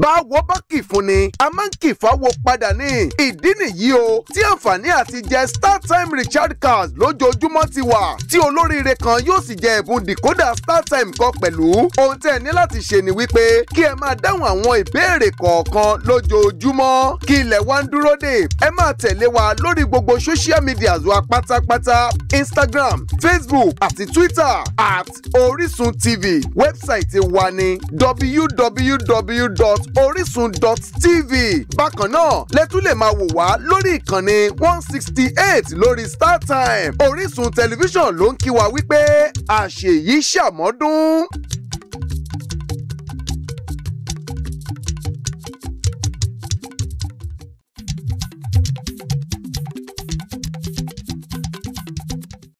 báwo bá kì fún ni a máa ń kì fáwo padà ní ìdí nìyí o tí àǹfààní àti jẹ startime recharge cards lójoojúmọ́ ti wà tí olóríire kan yóò sì jẹ ẹ̀bùn decoder startime kan pẹ̀lú ohun tẹ́ ẹ ní láti ṣe ni wípé kí ẹ máa dáhùn àwọn ìbéèrè kọ̀ọ̀kan lójoojúmọ́ kí ilẹ̀ wa ń dúró dè ẹ máa tẹ̀lé wa lórí gbogbo social media wa pátápátá Instagram Facebook àti Twitter at Orisun TV wẹ́bsáìtì wa ni www. Dot TV bákan náà lẹ́tún lè máa wò wá lórí ìkànnì one sixty eight lórí startime orísun tẹlifíṣàn ló ń kí wa wípé àṣèyí ṣàmọ́dún.